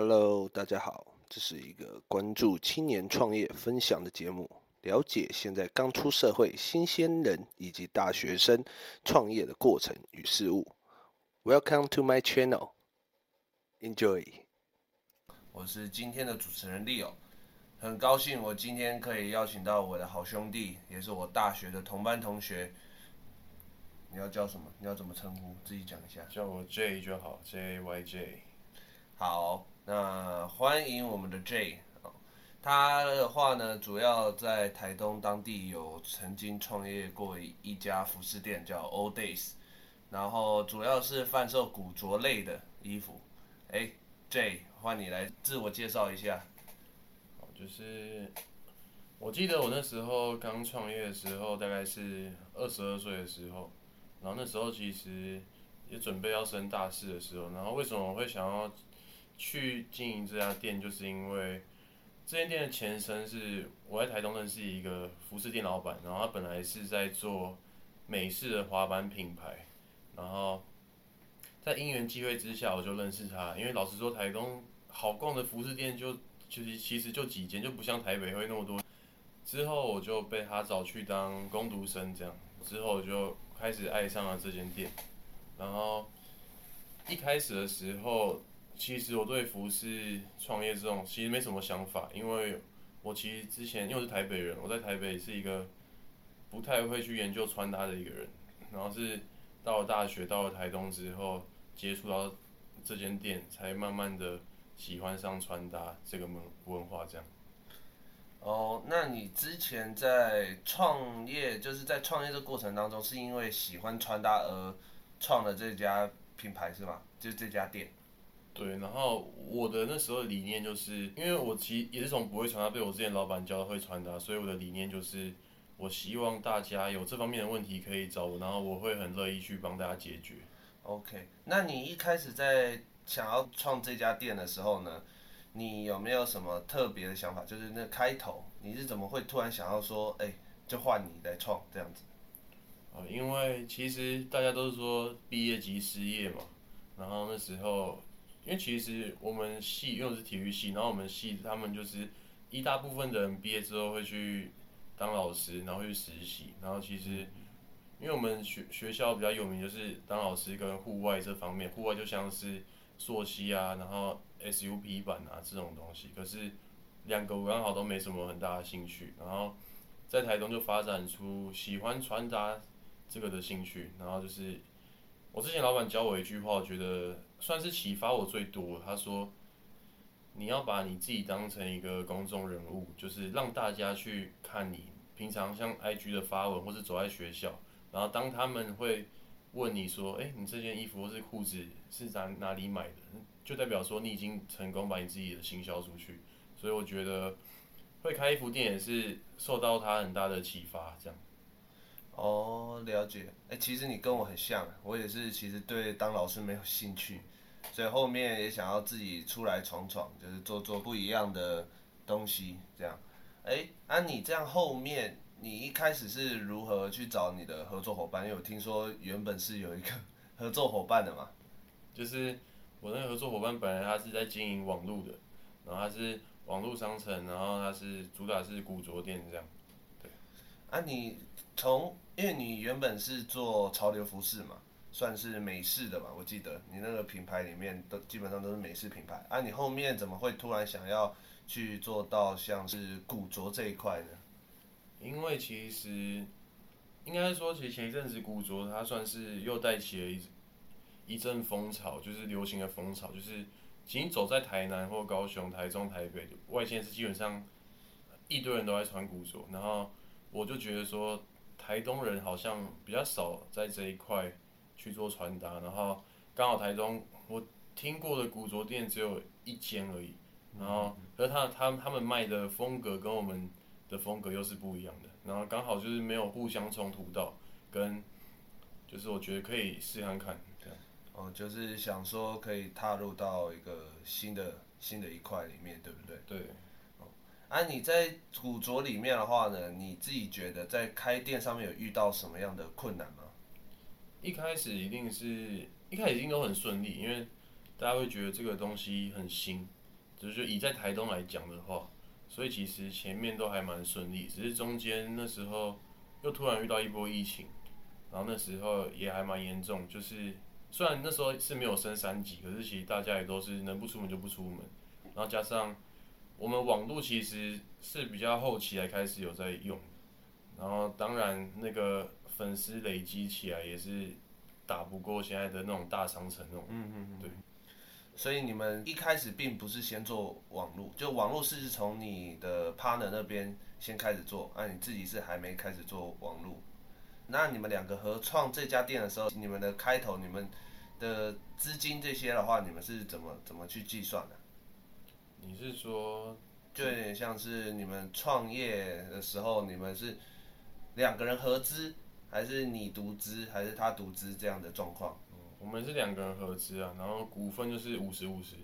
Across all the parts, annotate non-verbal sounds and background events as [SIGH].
Hello，大家好，這是一個關注青年創業分享的節目，了解現在剛出社會、新鮮人以及大學生創業的過程與事務。Welcome to my channel，Enjoy。我是今天的主持人 Leo，很高興我今天可以邀請到我的好兄弟，也是我大學的同班同學。你要叫什麼？你要怎麼稱呼？自己講一下。叫我 J 就好，JYJ。J y J、好。那歡迎我們的 J 啊，哦，他的話呢，主要在台東當地有曾經創業過一家服飾店，叫 OLDAYS，然後主要是販售古着類的衣服。哎，J，換你來自我介紹一下。就是我記得我那時候剛創業的時候，大概是二十二歲的時候，然後那時候其實也準備要升大四的時候，然後為什麼我會想要？去經營這家店，就是因為這間店的前身是我在台東認識一個服飾店老闆，然後他本來是在做美式的滑板品牌，然後在因緣際會之下，我就認識他。因為老實說，台東好逛的服飾店就其實其實就幾間，就不像台北會那麼多。之後我就被他找去當工讀生，這樣。之後我就開始愛上了這間店。然後一開始的時候。其實我對服飾創業這種其實沒什麼想法，因為我其實之前又是台北人，我在台北是一個不太會去研究穿搭的一個人。然後是到了大學，到了台東之後接觸到這間店，才慢慢的喜歡上穿搭這個文文化這樣。哦，那你之前在創業，就是在創業的過程當中，是因為喜歡穿搭而創了這家品牌是嗎？就是這家店。對，然後我的那時候的理念就是，因為我其實也是從不會傳達，被我之前老闆教會傳達，啊，所以我的理念就是，我希望大家有這方面的問題可以找我，然後我會很樂意去幫大家解決。OK，那你一開始在想要創這家店的時候呢，你有沒有什麼特別的想法？就是那開頭你是怎麼會突然想要說，哎，就換你來創這樣子？哦，因為其實大家都是說畢業即失業嘛，然後那時候。因為其實我們系，用的是體育系，然後我們系他們就是一大部分的人畢業之後會去當老師，然後去實習。然後其實，因為我們學學校比較有名，就是當老師跟戶外這方面。戶外就像是溯溪啊，然後 SUP 板啊這種東西。可是兩個我剛好都沒什麼很大的興趣。然後在台東就發展出喜歡穿搭這個的興趣。然後就是我之前老闆教我一句話，我覺得。算是啟發我最多。他說：“你要把你自己當成一個公眾人物，就是讓大家去看你。平常像 IG 的發文，或是走在學校，然後當他們會問你說：‘哎、欸，你這件衣服或是褲子是在哪，哪裡買的？’就代表說你已經成功把你自己的行銷出去。所以我覺得會開衣服店也是受到他很大的啟發，這樣。”哦，了解。哎、欸，其實你跟我很像，我也是其實對當老師沒有興趣，所以後面也想要自己出來闖闖，就是做做不一樣的東西這樣。哎、欸，那、啊、你這樣後面你一開始是如何去找你的合作夥伴？因為我聽說原本是有一個合作夥伴的嘛？就是我那個合作夥伴本來他是在經營網絡的，然後他是網絡商城，然後他是主打是古着店這樣。對。啊，你從。因為你原本是做潮流服飾嘛，算是美式的嘛，我記得你那個品牌裡面都基本上都是美式品牌啊。你後面怎麼會突然想要去做到像是古着這一塊呢？因為其實應該說，其實前一陣子古着它算是又帶起了一一陣風潮，就是流行的風潮，就是其實走在台南或高雄、台中、台北外縣市基本上一堆人都在穿古着，然後我就覺得說。台東人好像比較少在這一塊去做傳達，然後剛好台東我聽過的古着店只有一間而已，然後和他他他們賣的風格跟我們的風格又是不一樣的，然後剛好就是沒有互相衝突到，跟就是我覺得可以試看看，對，哦、嗯，就是想說可以踏入到一個新的新的一塊裡面，對不對？對。哎，啊、你在古着裡面的話呢？你自己覺得在開店上面有遇到什麼樣的困難嗎？一開始一定是一開始應該很順利，因為大家會覺得這個東西很新，只、就是以在台東來講的話，所以其實前面都還蠻順利。只是中間那時候又突然遇到一波疫情，然後那時候也還蠻嚴重。就是雖然那時候是沒有升三級，可是其實大家也都是能不出門就不出門，然後加上。我們網絡其實是比較後期才開始有在用，然後當然那個粉絲累積起來也是打不過現在的那種大商城那種。嗯嗯嗯，對。所以你們一開始並不是先做網絡，就網絡是從你的 partner 那邊先開始做，那、啊、你自己是還沒開始做網絡。那你們兩個合創這家店的時候，你們的開頭、你們的資金這些的話，你們是怎麼怎麼去計算的、啊？你是說，就有點像是你們創業的時候，你們是兩個人合資，還是你獨資，還是他獨資這樣的狀況？嗯，我們是兩個人合資啊，然後股份就是五十五十。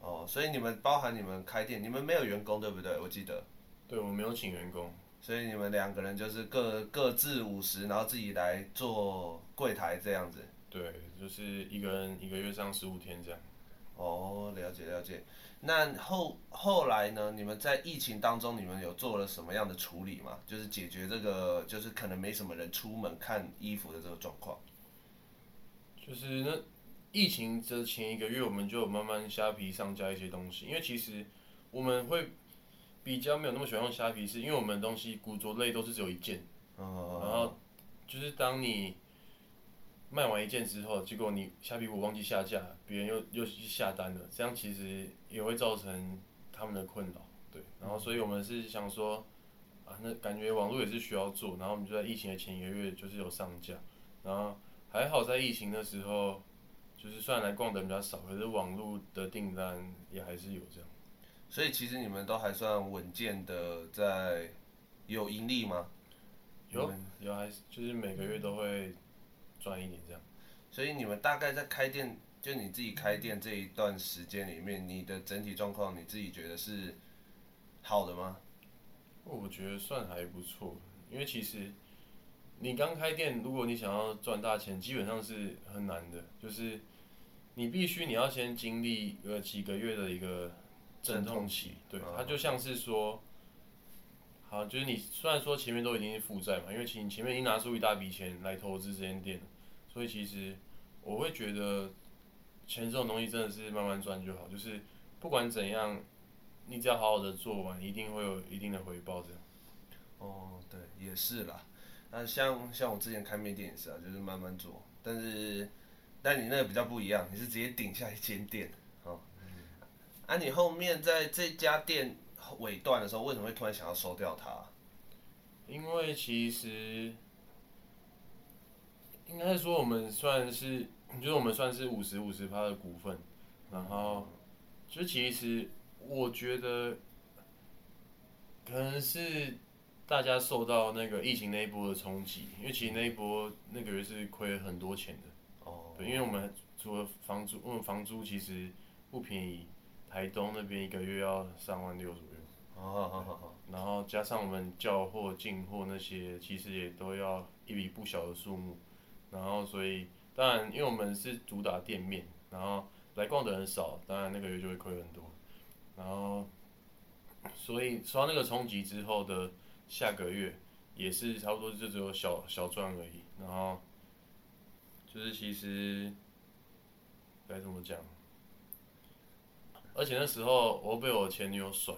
哦，所以你們包含你們開店，你們沒有員工對不對？我記得。對，我們沒有請員工，所以你們兩個人就是各各自五十，然後自己來做櫃台這樣子。對，就是一個人一個月上十五天這樣。哦，了解了解。那後後來呢？你們在疫情當中，你們有做了什麼樣的處理嗎？就是解決這個，就是可能沒什麼人出門看衣服的這個狀況。就是那疫情之前一個月，我們就慢慢蝦皮上架一些東西，因為其實我們會比較沒有那麼喜歡用蝦皮，是因為我們的東西古着類都是只有一件，然後就是當你。賣完一件之後，結果你下筆我忘記下架，別人又又去下單了，這樣其實也會造成他們的困擾，對。然後所以我們是想說，啊，那感覺網絡也是需要做。然後我們就在疫情的前一個月就是有上架，然後還好在疫情的時候，就是雖然來逛的比較少，可是網絡的訂單也還是有這樣。所以其實你們都還算穩健的在，在有盈利嗎？有有還是就是每個月都會。賺一點這樣，所以你們大概在開店，就你自己開店這一段時間裡面，你的整體狀況你自己覺得是好的嗎？我覺得算還不錯，因為其實你剛開店，如果你想要賺大錢，基本上是很難的，就是你必須你要先經歷呃幾個月的一個陣痛期，震痛期對，啊、它就像是說，好，就是你雖然說前面都已經是負債嘛，因為前前面已經拿出一大筆錢來投資這間店。所以其實我會覺得錢這種東西真的是慢慢賺就好，就是不管怎樣，你只要好好的做完，一定會有一定的回報的。哦，對，也是啦。那、啊、像像我之前開麵店也是啊，就是慢慢做。但是但你那個比較不一樣，你是直接頂下一間店哦。那、嗯啊、你後面在這家店尾段的時候，為什麼會突然想要收掉它、啊？因為其實。應該說，我們算是，就是我們算是五十五十趴的股份。然後，就其實我覺得，可能是大家受到那個疫情那一波的衝擊，因為其實那一波那個月是虧了很多錢的。哦。Oh, okay. 對，因為我們除了房租，我們房租其實不便宜，台東那邊一個月要三萬六左右，oh, okay.。然後加上我們叫貨、進貨那些，其實也都要一筆不小的數目。然後，所以當然，因為我們是主打店面，然後來逛的人少，當然那個月就會虧很多。然後，所以刷那個衝擊之後的下個月，也是差不多就只有小小賺而已。然後，就是其實該怎麼講？而且那時候我被我前女友甩，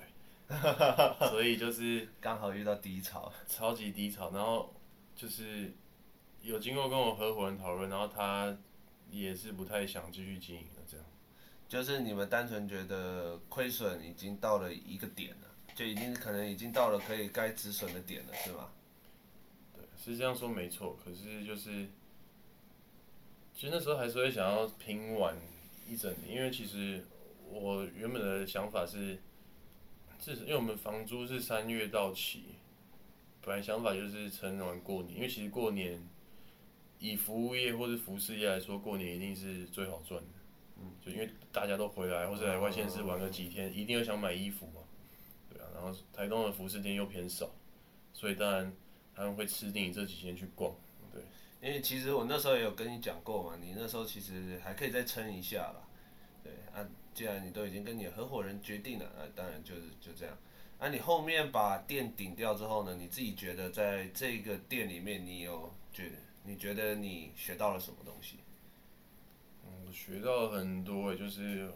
[LAUGHS] 所以就是剛好遇到低潮，超級低潮。然後就是。有經過跟我合夥人討論，然後他也是不太想繼續經營了。這樣，就是你們單純覺得虧損已經到了一個點了，就已經可能已經到了可以該止損的點了，是嗎？對，是這樣說沒錯。可是就是，其實那時候還是會想要拼完一整年，因為其實我原本的想法是，至少，因為我們房租是三月到期，本來想法就是撐完過年，因為其實過年。以服務業或者服飾業來說，過年一定是最好賺的。嗯，就因為大家都回來，或者來外縣市玩個幾天，嗯、一定要想買衣服嘛。對啊，然後台東的服飾店又偏少，所以當然他們會吃定你這幾天去逛。對，因為其實我那時候也有跟你講過嘛，你那時候其實還可以再撐一下啦。對啊，既然你都已經跟你合夥人決定了，那、啊、當然就是就這樣。那、啊、你後面把店頂掉之後呢，你自己覺得在這個店裡面，你有覺得？你覺得你學到了什麼東西？嗯，我學到了很多欸，就是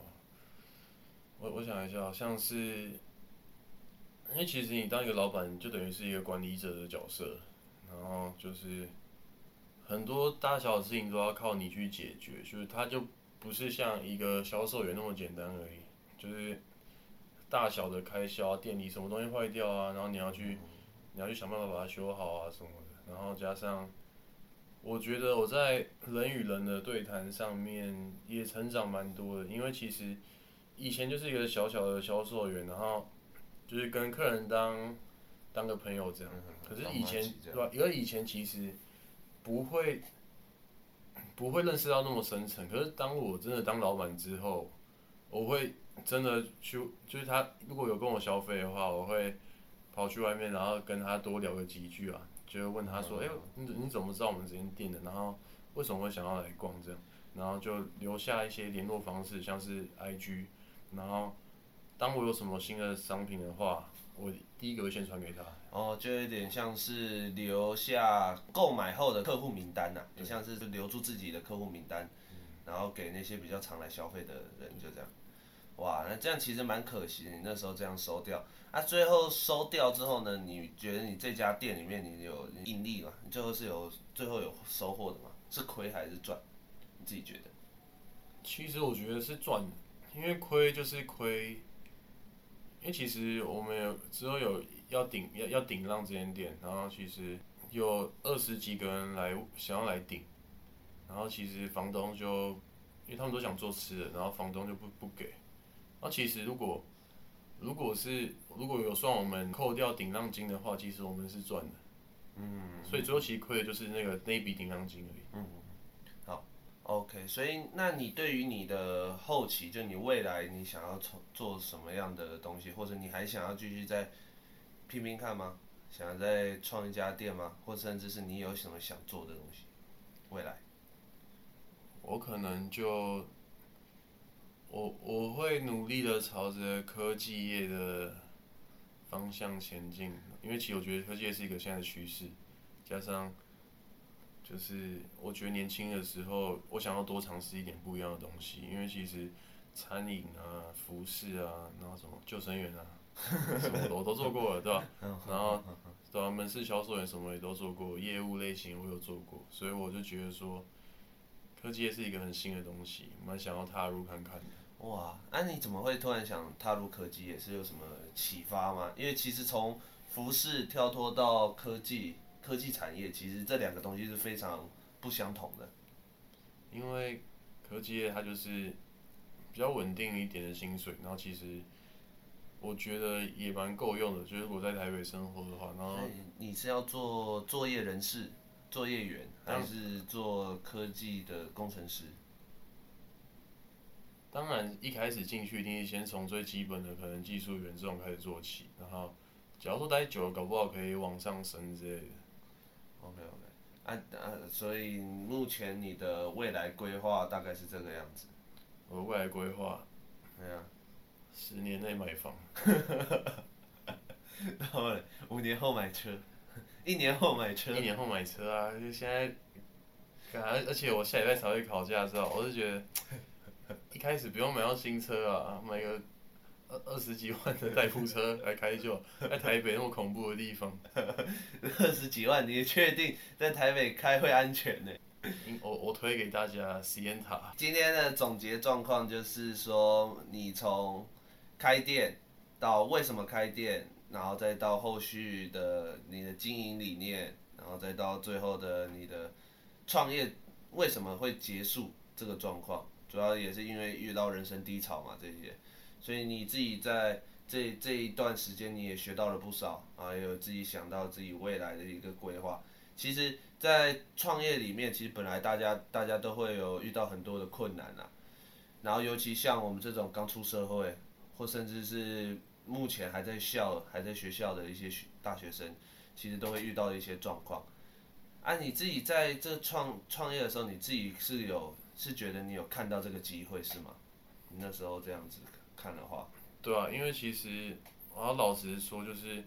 我我想一下，好像是因為其實你當一個老闆，就等於是一個管理者的角色，然後就是很多大小的事情都要靠你去解決，就是它就不是像一個銷售員那麼簡單而已，就是大小的開銷啊，店裡什麼東西壞掉啊，然後你要去你要去想辦法把它修好啊什麼的，然後加上。我覺得我在人與人的對談上面也成長蠻多的，因為其實以前就是一個小小的銷售員，然後就是跟客人當當個朋友這樣。可是以前對吧？因為以前其實不會不會認識到那麼深層。可是當我真的當老闆之後，我會真的去就是他如果有跟我消費的話，我會跑去外面，然後跟他多聊個幾句啊。就會問他說，哎、嗯，你你怎麼知道我們這邊店的？然後為什麼會想要來逛這樣？然後就留下一些聯絡方式，像是 IG，然後當我有什麼新的商品的話，我第一個會先傳給他。哦，就有點像是留下購買後的客戶名單吶、啊，就對像是留住自己的客戶名單，嗯、然後給那些比較常來消費的人對就這樣。哇，那這樣其實蠻可惜的。你那時候這樣收掉啊。最後收掉之後呢，你覺得你這家店裡面你有盈利嗎？你最後是有最後有收穫的嗎？是虧還是賺？你自己覺得？其實我覺得是賺的，因為虧就是虧。因為其實我們有之後有要頂要要頂讓這間店，然後其實有二十幾個人來想要來頂，然後其實房東就因為他們都想做吃的，然後房東就不不給。那、啊、其實如果如果是如果有算我們扣掉頂讓金的話，其實我們是賺的。嗯。所以最後其實虧的就是那個那筆頂讓金而已。嗯。好，OK。所以那你對於你的後期，就你未來你想要做什麼樣的東西，或者，你還想要繼續再拼拼看嗎？想要再創一家店嗎？或甚至是你有什麼想做的東西？未來？我可能就。我我會努力的朝着科技業的方向前進，因為其實我覺得科技業是一個現在的趨勢，加上就是我覺得年輕的時候，我想要多嘗試一點不一樣的東西，因為其實餐飲啊、服飾啊，然後什麼救生員啊，什麼都我都做過了，對吧？ [LAUGHS] 然後對啊，門市銷售員什麼也都做過，業務類型我有做過，所以我就覺得說科技業是一個很新的東西，蠻想要踏入看看的。哇，那、啊、你怎麼會突然想踏入科技？也是有什麼啟發嗎？因為其實從服飾跳脫到科技、科技產業，其實這兩個東西是非常不相同的。因為科技業它就是比較穩定一點的薪水，然後其實我覺得也蠻夠用的。就是我在台北生活的話，然後你是要做作業人士、作業員，還是做科技的工程師？當然，一開始進去一定是先從最基本的可能技術員這種開始做起，然後，假如說待久了，搞不好可以往上升之類的。Oh, OK OK，啊啊，所以目前你的未來規劃大概是這個樣子。我的未來規劃，哎呀，十年內買房， [LAUGHS] [LAUGHS] [LAUGHS] 然後呢五年後買車，一年後買車，一年後買車啊！就現在，可能而且我下禮拜才會考駕照，我是覺得。 [LAUGHS] 開始不用買到新車啊，買個二二十幾萬的代步車來開就。在台北那麼恐怖的地方， [LAUGHS] 二十幾萬，你確定在台北開會安全呢、欸？我我推給大家 Sienta。今天的總結狀況就是說，你從開店到為什麼開店，然後再到後續的你的經營理念，然後再到最後的你的創業為什麼會結束這個狀況。主要也是因為遇到人生低潮嘛，這些，所以你自己在這這一段時間你也學到了不少啊，也有自己想到自己未來的一個規劃。其實，在創業裡面，其實本來大家大家都會有遇到很多的困難吶，然後尤其像我們這種剛出社會，或甚至是目前還在校還在學校的一些大學生，其實都會遇到一些狀況。啊，你自己在這創創業的時候，你自己是有。是覺得你有看到這個機會是嗎？你那時候這樣子看的話，對啊，因為其實我要老實說，就是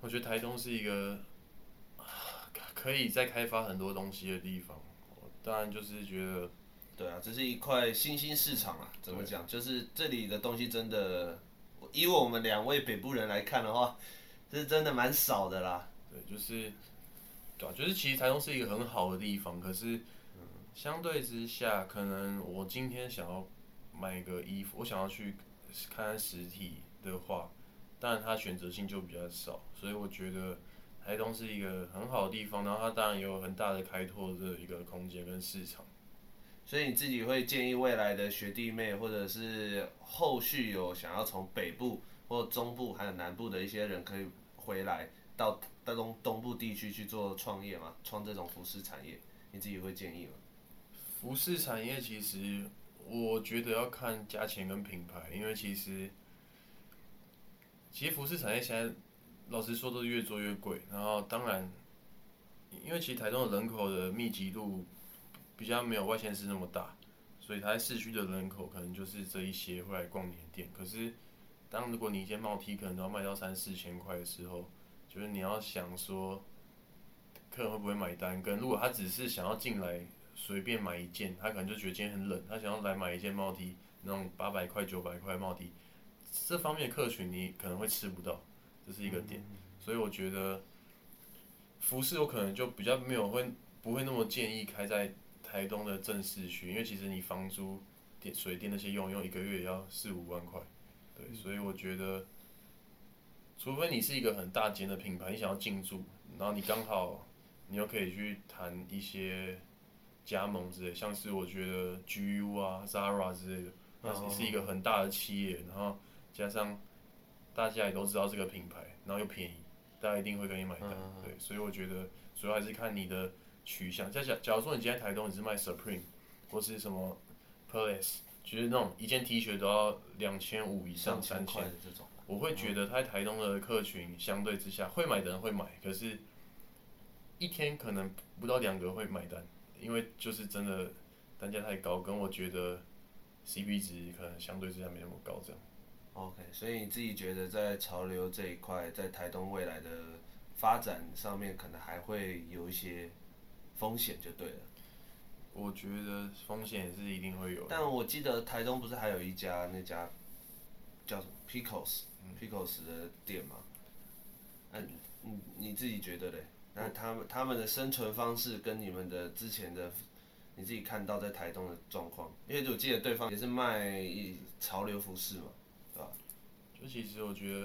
我覺得台中是一個啊，可以再開發很多東西的地方。我當然就是覺得，對啊，這是一塊新興市場啊。怎麼講？對就是這裡的東西真的，以我們兩位北部人來看的話，是真的蠻少的啦。對，就是對、啊，就是其實台東是一個很好的地方，可是。相對之下，可能我今天想要買個衣服，我想要去看看實體的話，但它選擇性就比較少，所以我覺得台東是一個很好的地方。然後它當然也有很大的開拓的這個一個空間跟市場。所以你自己會建議未來的學弟妹，或者是後續有想要從北部或中部還有南部的一些人，可以回來到台東東部地區去做創業嗎？創這種服飾產業，你自己會建議嗎？服飾產業其實，我覺得要看價錢跟品牌，因為其實，其實服飾產業現在，老實說都是越做越貴。然後當然，因為其實台中的人口的密集度，比較沒有外縣市那麼大，所以它在市區的人口可能就是這一些會來逛你的店。可是，當如果你一件帽 T 可能都要賣到三四千塊的時候，就是你要想說，客人會不會買單？跟如果他只是想要進來，隨便買一件，他可能就覺得今天很冷，他想要來買一件毛衣，那種八百塊、九百塊毛衣，這方面的客群你可能會吃不到，這是一個點。所以我覺得，服飾我可能就比較沒有會不會那麼建議開在台東的正式區，因為其實你房租、水電那些用一用一個月也要四五萬塊，對，嗯、所以我覺得，除非你是一個很大間的品牌，你想要進駐，然後你剛好你又可以去談一些。加盟之類，像是我覺得 GU 啊、Zara 之類的，那、uh huh. 是一個很大的企業，然後加上大家也都知道這個品牌，然後又便宜，大家一定會跟你買單。Uh huh. 對，所以我覺得主要還是看你的取向。假假如說你今天在台東你是賣 Supreme 或是什麼 Palace，就是那種一件 T 恤都要兩千五以上三千，的這種。我會覺得他在台東的客群相對之下，uh huh. 會買的人會買，可是一天可能不到兩個會買單。因為就是真的單價太高，跟我覺得 C P 值，可能相對之下沒那麼高這樣。OK，所以你自己覺得在潮流這一塊，在台東未來的發展上面，可能還會有一些風險就對了。我覺得風險是一定會有的。但我記得台東不是還有一家那家叫什麼 Pickles、嗯、Pickles 的店嗎？哎，你你自己覺得嘞？那他們他們的生存方式跟你們的之前的你自己看到在台東的狀況，因為我記得對方也是賣潮流服飾嘛，啊，就其實我覺得，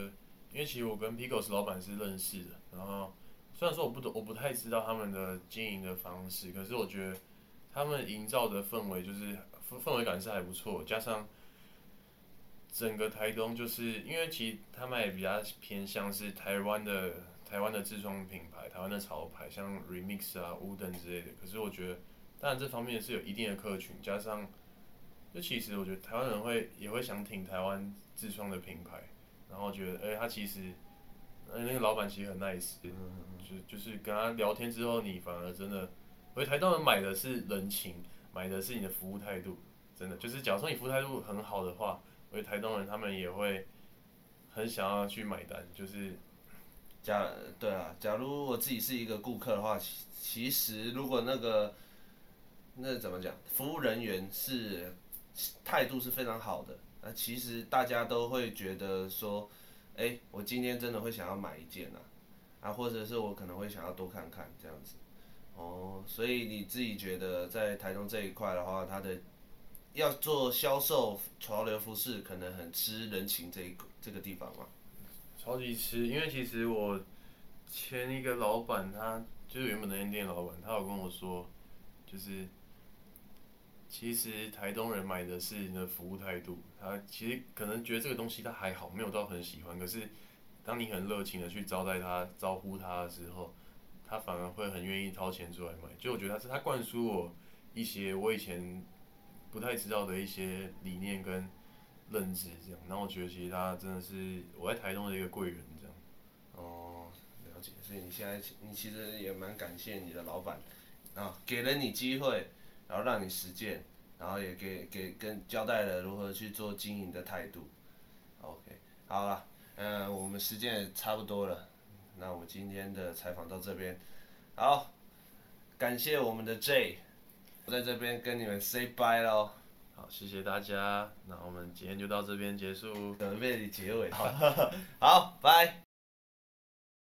因為其實我跟 p i g e s 老闆是認識的，然後雖然說我不懂，我不太知道他們的經營的方式，可是我覺得他們營造的氛圍就是氛氛圍感是還不錯，加上整個台東就是因為其實他們也比較偏向是台灣的。台灣的自創品牌，台灣的潮牌，像 Remix 啊、Wooden 之類的。可是我覺得，當然這方面是有一定的客群，加上，就其實我覺得台灣人會也會想挺台灣自創的品牌，然後覺得，哎、欸，他其實，欸、那個老闆其實很 nice，、嗯、就就是跟他聊天之後，你反而真的，因為台東人買的是人情，買的是你的服務態度，真的，就是假如說你服務態度很好的話，因為台東人他們也會很想要去買單，就是。假對啊，假如我自己是一個顧客的話，其，其實如果那個，那怎麼講？服務人員是態度是非常好的，那、啊、其實大家都會覺得說，哎，我今天真的會想要買一件啊，啊，或者是我可能會想要多看看這樣子。哦，所以你自己覺得在台中這一塊的話，它的要做銷售潮流服飾，可能很吃人情這一、這個地方嗎？好幾次，因為其實我前一個老板，他就是原本那間店老板，他有跟我說，就是其實台東人買的是你的服務態度，他其實可能覺得這個東西他還好，沒有到很喜歡，可是當你很熱情的去招待他、招呼他的時候，他反而會很願意掏錢出來買。就我覺得他是他灌輸我一些我以前不太知道的一些理念跟。認識這樣，然後我覺得其實他真的是我在台中的一個貴人這樣。哦，了解。所以你現在你其實也蠻感謝你的老闆啊，給了你機會，然後讓你實踐，然後也給給跟交代了如何去做經營的態度。OK，好了，嗯、呃，我們時間也差不多了，那我們今天的採訪到這邊，好，感謝我們的 Jay，我在這邊跟你們 say bye 嘍。好，謝謝大家。那我們今天就到這邊結束，準備的結尾。好，拜。 [LAUGHS] Bye